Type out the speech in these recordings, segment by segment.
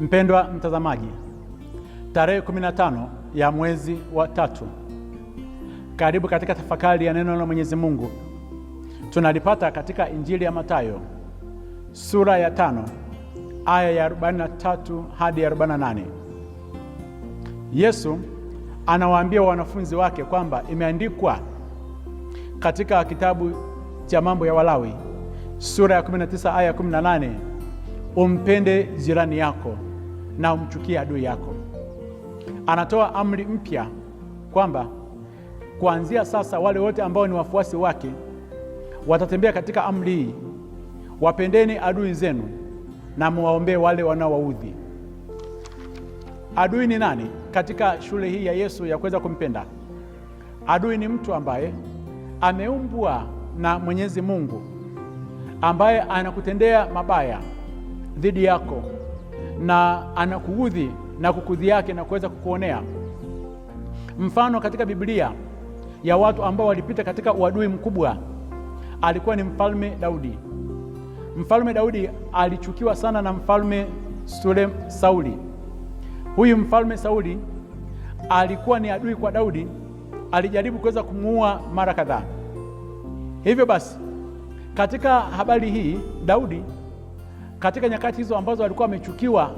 Mpendwa mtazamaji, tarehe 15 ya mwezi wa tatu, karibu katika tafakari ya neno la Mwenyezi Mungu. Tunalipata katika Injili ya Mathayo sura ya tano aya ya 43 hadi ya 48. Yesu anawaambia wanafunzi wake kwamba imeandikwa katika kitabu cha mambo ya Walawi sura ya 19 aya ya 18 umpende jirani yako na umchukie adui yako. Anatoa amri mpya kwamba kuanzia sasa wale wote ambao ni wafuasi wake watatembea katika amri hii, wapendeni adui zenu na muwaombee wale wanaowaudhi. Adui ni nani? Katika shule hii ya Yesu ya kuweza kumpenda adui, ni mtu ambaye ameumbwa na Mwenyezi Mungu, ambaye anakutendea mabaya dhidi yako na anakuudhi na kukudhi yake na kuweza kukuonea. Mfano katika Biblia ya watu ambao walipita katika uadui mkubwa alikuwa ni mfalme Daudi. Mfalme Daudi alichukiwa sana na mfalme Sule Sauli. Huyu mfalme Sauli alikuwa ni adui kwa Daudi, alijaribu kuweza kumuua mara kadhaa. Hivyo basi katika habari hii Daudi katika nyakati hizo ambazo alikuwa amechukiwa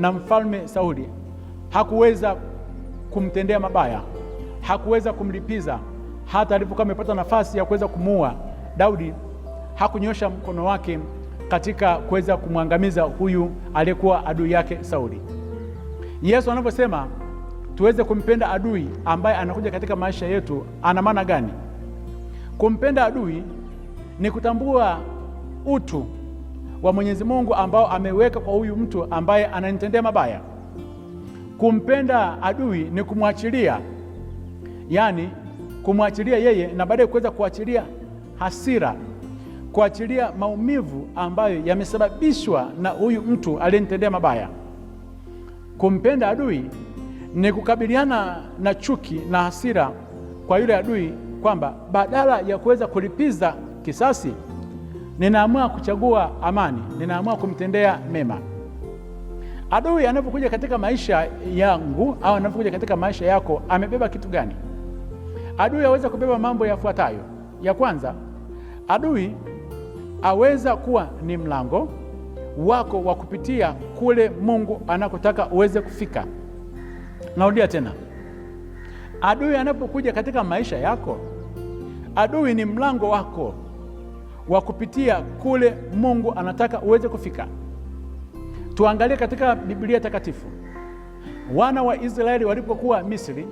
na mfalme Sauli, hakuweza kumtendea mabaya, hakuweza kumlipiza. Hata alipokuwa amepata nafasi ya kuweza kumuua Daudi, hakunyosha mkono wake katika kuweza kumwangamiza huyu aliyekuwa adui yake Sauli. Yesu anavyosema tuweze kumpenda adui ambaye anakuja katika maisha yetu, ana maana gani? Kumpenda adui ni kutambua utu wa Mwenyezi Mungu ambao ameweka kwa huyu mtu ambaye ananitendea mabaya. Kumpenda adui ni kumwachilia, yaani kumwachilia yeye na baadaye kuweza kuachilia hasira, kuachilia maumivu ambayo yamesababishwa na huyu mtu aliyenitendea mabaya. Kumpenda adui ni kukabiliana na chuki na hasira kwa yule adui, kwamba badala ya kuweza kulipiza kisasi ninaamua kuchagua amani, ninaamua kumtendea mema. Adui anapokuja katika maisha yangu au anapokuja katika maisha yako, amebeba kitu gani? Adui aweza kubeba mambo yafuatayo. Ya kwanza, adui aweza kuwa ni mlango wako wa kupitia kule Mungu anakotaka uweze kufika. Narudia tena, adui anapokuja katika maisha yako, adui ni mlango wako wa kupitia kule Mungu anataka uweze kufika. Tuangalie katika Biblia Takatifu, wana wa Israeli walipokuwa Misri,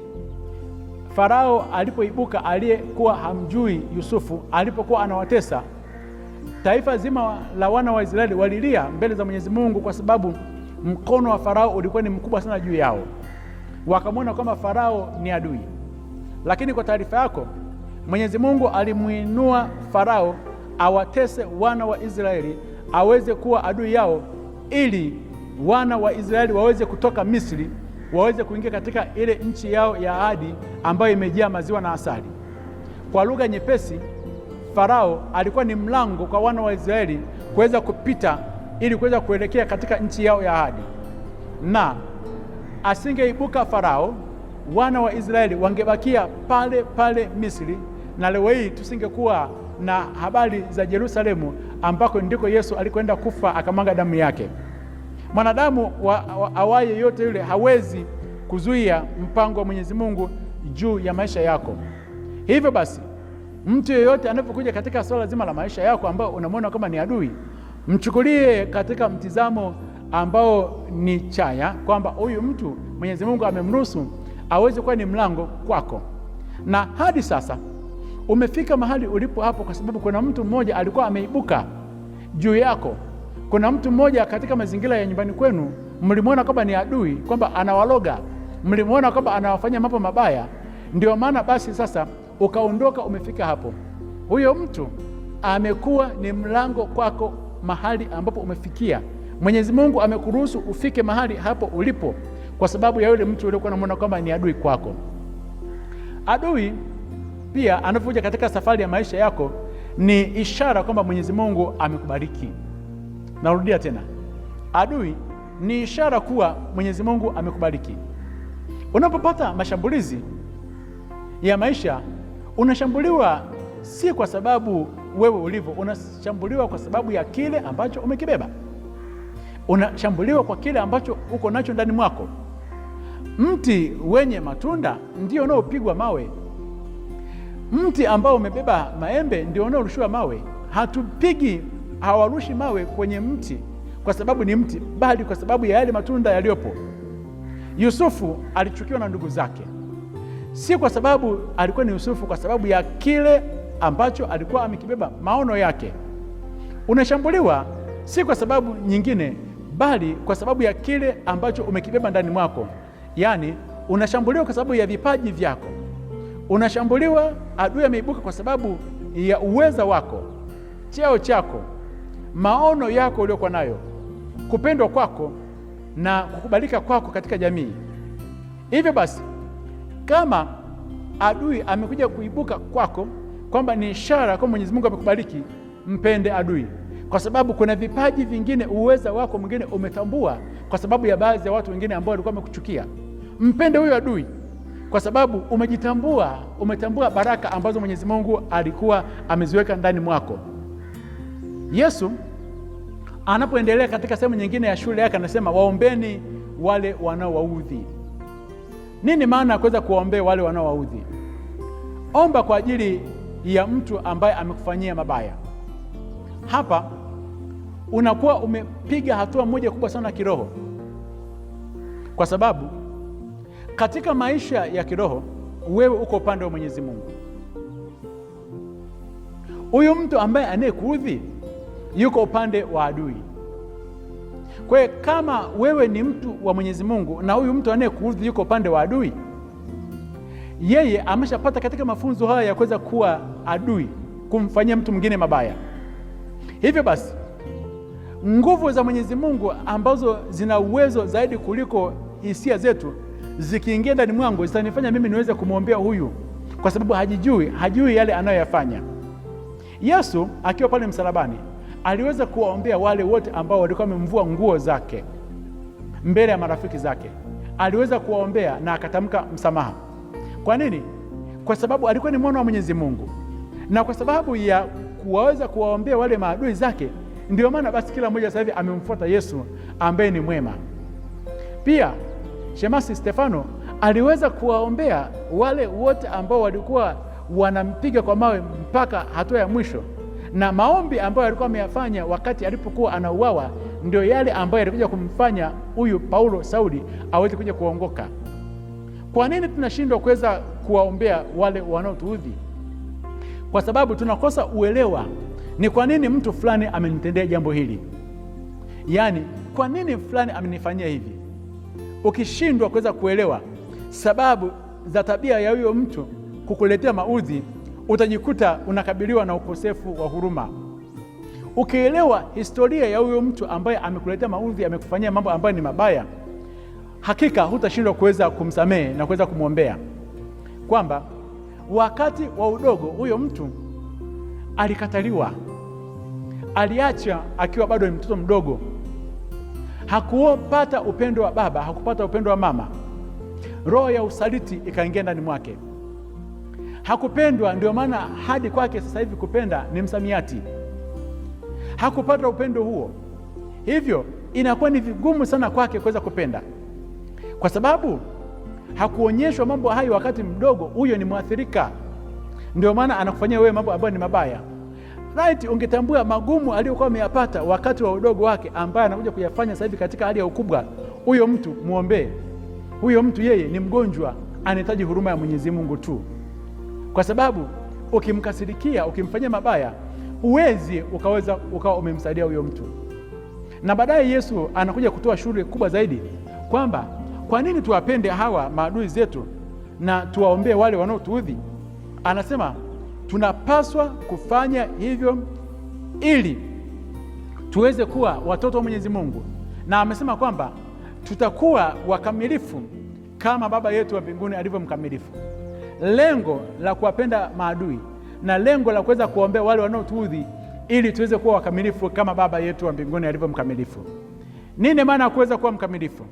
Farao alipoibuka aliyekuwa hamjui Yusufu, alipokuwa anawatesa taifa zima la wana wa Israeli walilia mbele za Mwenyezi Mungu kwa sababu mkono wa Farao ulikuwa ni mkubwa sana juu yao, wakamwona kwamba Farao ni adui. Lakini kwa taarifa yako, Mwenyezi Mungu alimuinua Farao awatese wana wa Israeli aweze kuwa adui yao, ili wana wa Israeli waweze kutoka Misri waweze kuingia katika ile nchi yao ya ahadi ambayo imejaa maziwa na asali. Kwa lugha nyepesi, Farao alikuwa ni mlango kwa wana wa Israeli kuweza kupita ili kuweza kuelekea katika nchi yao ya ahadi, na asingeibuka Farao, wana wa Israeli wangebakia pale pale Misri, na leo hii tusingekuwa na habari za Yerusalemu ambako ndiko Yesu alikwenda kufa akamwaga damu yake. Mwanadamu awaye yote yule hawezi kuzuia mpango wa Mwenyezi Mungu juu ya maisha yako. Hivyo basi, mtu yeyote anapokuja katika swala zima la maisha yako ambao unamwona kama ni adui, mchukulie katika mtizamo ambao ni chaya, kwamba huyu mtu Mwenyezi Mungu amemruhusu aweze kuwa ni mlango kwako, na hadi sasa Umefika mahali ulipo hapo kwa sababu kuna mtu mmoja alikuwa ameibuka juu yako. Kuna mtu mmoja katika mazingira ya nyumbani kwenu mlimwona kwamba ni adui, kwamba anawaloga, mlimwona kwamba anawafanya mambo mabaya. Ndio maana basi sasa ukaondoka, umefika hapo. Huyo mtu amekuwa ni mlango kwako, mahali ambapo umefikia. Mwenyezi Mungu amekuruhusu ufike mahali hapo ulipo kwa sababu ya yule mtu uliokuwa unamwona kwamba ni adui kwako. Adui pia anapokuja katika safari ya maisha yako ni ishara kwamba Mwenyezi Mungu amekubariki. Narudia tena, adui ni ishara kuwa Mwenyezi Mungu amekubariki. Unapopata mashambulizi ya maisha, unashambuliwa si kwa sababu wewe ulivyo, unashambuliwa kwa sababu ya kile ambacho umekibeba, unashambuliwa kwa kile ambacho uko nacho ndani mwako. Mti wenye matunda ndio unaopigwa mawe. Mti ambao umebeba maembe ndio unaorushiwa mawe. Hatupigi, hawarushi mawe kwenye mti kwa sababu ni mti, bali kwa sababu ya yale matunda yaliyopo. Yusufu alichukiwa na ndugu zake, si kwa sababu alikuwa ni Yusufu, kwa sababu ya kile ambacho alikuwa amekibeba, maono yake. Unashambuliwa si kwa sababu nyingine, bali kwa sababu ya kile ambacho umekibeba ndani mwako, yaani unashambuliwa kwa sababu ya vipaji vyako Unashambuliwa, adui ameibuka kwa sababu ya uweza wako, cheo chako, maono yako uliokuwa nayo, kupendwa kwako na kukubalika kwako katika jamii. Hivyo basi, kama adui amekuja kuibuka kwako, kwamba ni ishara kwa Mwenyezi Mungu amekubariki, mpende adui, kwa sababu kuna vipaji vingine, uweza wako mwingine umetambua, kwa sababu ya baadhi ya watu wengine ambao walikuwa wamekuchukia. Mpende huyo adui kwa sababu umejitambua, umetambua baraka ambazo Mwenyezi Mungu alikuwa ameziweka ndani mwako. Yesu anapoendelea katika sehemu nyingine ya shule yake anasema, waombeni wale wanaowaudhi. Nini maana ya kuweza kuwaombea wale wanaowaudhi? Omba kwa ajili ya mtu ambaye amekufanyia mabaya. Hapa unakuwa umepiga hatua moja kubwa sana kiroho, kwa sababu katika maisha ya kiroho, wewe uko upande wa Mwenyezi Mungu. Huyu mtu ambaye anayekuudhi yuko upande wa adui. Kwa hiyo kama wewe ni mtu wa Mwenyezi Mungu na huyu mtu anayekuudhi yuko upande wa adui, yeye ameshapata katika mafunzo haya ya kuweza kuwa adui, kumfanyia mtu mwingine mabaya. Hivyo basi nguvu za Mwenyezi Mungu ambazo zina uwezo zaidi kuliko hisia zetu zikiingia ndani mwangu zitanifanya mimi niweze kumwombea huyu, kwa sababu hajijui, hajui yale anayoyafanya. Yesu akiwa pale msalabani aliweza kuwaombea wale wote ambao walikuwa wamemvua nguo zake mbele ya marafiki zake, aliweza kuwaombea na akatamka msamaha. Kwa nini? Kwa sababu alikuwa ni mwana wa Mwenyezi Mungu, na kwa sababu ya kuwaweza kuwaombea wale maadui zake, ndiyo maana basi kila mmoja sasa hivi amemfuata Yesu ambaye ni mwema pia Shemasi Stefano aliweza kuwaombea wale wote ambao walikuwa wanampiga kwa mawe mpaka hatua ya mwisho, na maombi ambayo alikuwa ameyafanya wakati alipokuwa anauawa ndio yale ambayo yalikuja kumfanya huyu Paulo Sauli aweze kuja kuongoka. Kwa nini tunashindwa kuweza kuwaombea wale wanaotuudhi? Kwa sababu tunakosa uelewa ni kwa nini mtu fulani amenitendea jambo hili, yaani kwa nini fulani amenifanyia hivi. Ukishindwa kuweza kuelewa sababu za tabia ya huyo mtu kukuletea maudhi, utajikuta unakabiliwa na ukosefu wa huruma. Ukielewa historia ya huyo mtu ambaye amekuletea maudhi, amekufanyia mambo ambayo ni mabaya, hakika hutashindwa kuweza kumsamehe na kuweza kumwombea, kwamba wakati wa udogo huyo mtu alikataliwa, aliacha akiwa bado ni mtoto mdogo Hakupata upendo wa baba, hakupata upendo wa mama. Roho ya usaliti ikaingia ndani mwake, hakupendwa. Ndio maana hadi kwake sasa hivi kupenda ni msamiati. Hakupata upendo huo, hivyo inakuwa ni vigumu sana kwake kuweza kupenda, kwa sababu hakuonyeshwa mambo hayo wakati mdogo. Huyo ni mwathirika, ndio maana anakufanyia wewe mambo ambayo ni mabaya right ungetambua magumu aliyokuwa ameyapata wakati wa udogo wake, ambaye anakuja kuyafanya sasa hivi katika hali ya ukubwa. Huyo mtu mwombee, huyo mtu yeye ni mgonjwa, anahitaji huruma ya Mwenyezi Mungu tu, kwa sababu ukimkasirikia, ukimfanyia mabaya, huwezi ukaweza ukawa umemsaidia huyo mtu. Na baadaye Yesu anakuja kutoa shule kubwa zaidi kwamba kwa nini tuwapende hawa maadui zetu na tuwaombee wale wanaotuudhi. Anasema Tunapaswa kufanya hivyo ili tuweze kuwa watoto wa Mwenyezi Mungu, na amesema kwamba tutakuwa wakamilifu kama Baba yetu wa mbinguni alivyo mkamilifu. Lengo la kuwapenda maadui na lengo la kuweza kuombea wale wanaotuudhi ili tuweze kuwa wakamilifu kama Baba yetu wa mbinguni alivyo mkamilifu. Nini maana ya kuweza kuwa mkamilifu?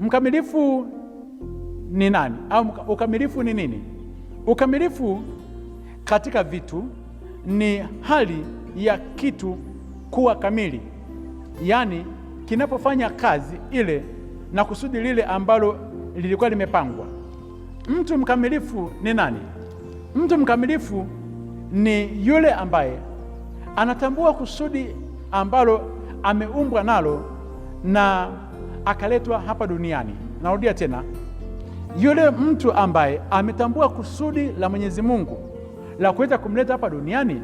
Mkamilifu ni nani? Au ukamilifu ni nini? Ukamilifu katika vitu ni hali ya kitu kuwa kamili, yaani kinapofanya kazi ile na kusudi lile ambalo lilikuwa limepangwa. Mtu mkamilifu ni nani? Mtu mkamilifu ni yule ambaye anatambua kusudi ambalo ameumbwa nalo na akaletwa hapa duniani. Narudia tena, yule mtu ambaye ametambua kusudi la Mwenyezi Mungu la kuweza kumleta hapa duniani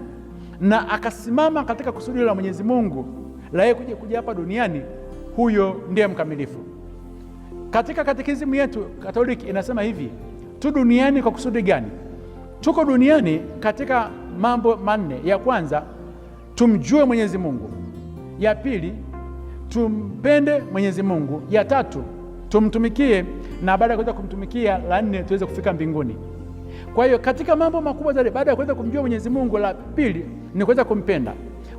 na akasimama katika kusudi la Mwenyezi Mungu la yeye kuja kuja hapa duniani, huyo ndiye mkamilifu. Katika katikizimu yetu Katoliki inasema hivi, tu duniani kwa kusudi gani? Tuko duniani katika mambo manne. Ya kwanza tumjue Mwenyezi Mungu, ya pili tumpende Mwenyezi Mungu, ya tatu tumtumikie, na baada ya kuweza kumtumikia, la nne tuweze kufika mbinguni. Kwa hiyo katika mambo makubwa zaidi baada ya kuweza kumjua Mwenyezi Mungu, la pili ni kuweza kumpenda.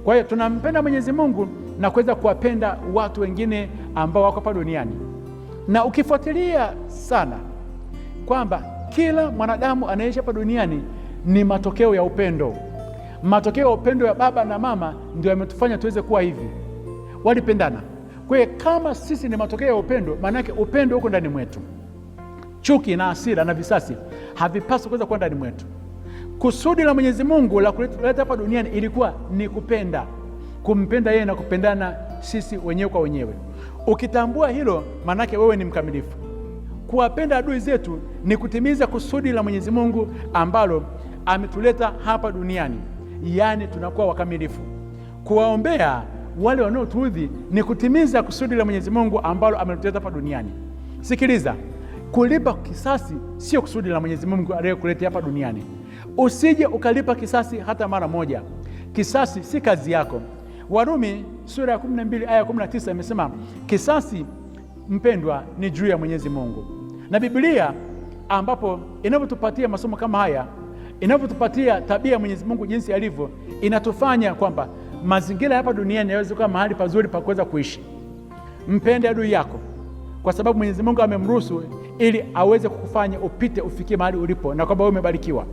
Kwa hiyo tunampenda Mwenyezi Mungu na kuweza kuwapenda watu wengine ambao wako hapa duniani, na ukifuatilia sana kwamba kila mwanadamu anayeishi hapa duniani ni matokeo ya upendo. Matokeo ya upendo ya baba na mama ndio yametufanya tuweze kuwa hivi, walipendana. Kwa hiyo kama sisi ni matokeo ya upendo, maana yake upendo huko ndani mwetu, chuki na hasira na visasi havipaswi kuweza kuwa ndani mwetu. Kusudi la Mwenyezi Mungu la kuleta hapa duniani ilikuwa ni kupenda, kumpenda yeye na kupendana sisi wenyewe kwa wenyewe. Ukitambua hilo, maanake wewe ni mkamilifu. Kuwapenda adui zetu ni kutimiza kusudi la Mwenyezi Mungu ambalo ametuleta hapa duniani, yaani tunakuwa wakamilifu. Kuwaombea wale wanaotuudhi ni kutimiza kusudi la Mwenyezi Mungu ambalo ametuleta hapa duniani. Sikiliza. Kulipa kisasi sio kusudi la Mwenyezi Mungu aliyekuleta hapa duniani. Usije ukalipa kisasi hata mara moja. Kisasi si kazi yako. Warumi sura ya 12 aya 19 imesema kisasi, mpendwa, ni juu ya Mwenyezi Mungu. Na Biblia ambapo inavyotupatia masomo kama haya, inavyotupatia tabia ya Mwenyezi Mungu jinsi alivyo, inatufanya kwamba mazingira hapa duniani yaweze kuwa mahali pazuri pa kuweza kuishi. Mpende adui yako kwa sababu Mwenyezi Mungu amemruhusu ili aweze kukufanya upite ufikie mahali ulipo, na kwamba wewe umebarikiwa.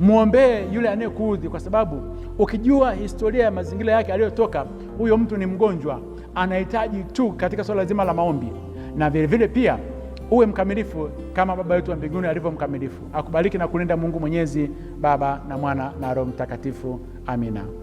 Mwombee yule anayekuudhi, kwa sababu ukijua historia ya mazingira yake aliyotoka, huyo mtu ni mgonjwa, anahitaji tu katika swala zima la maombi. Na vilevile vile pia uwe mkamilifu kama Baba yetu wa mbinguni alivyo mkamilifu. Akubariki na kulinda Mungu Mwenyezi, Baba na Mwana na Roho Mtakatifu. Amina.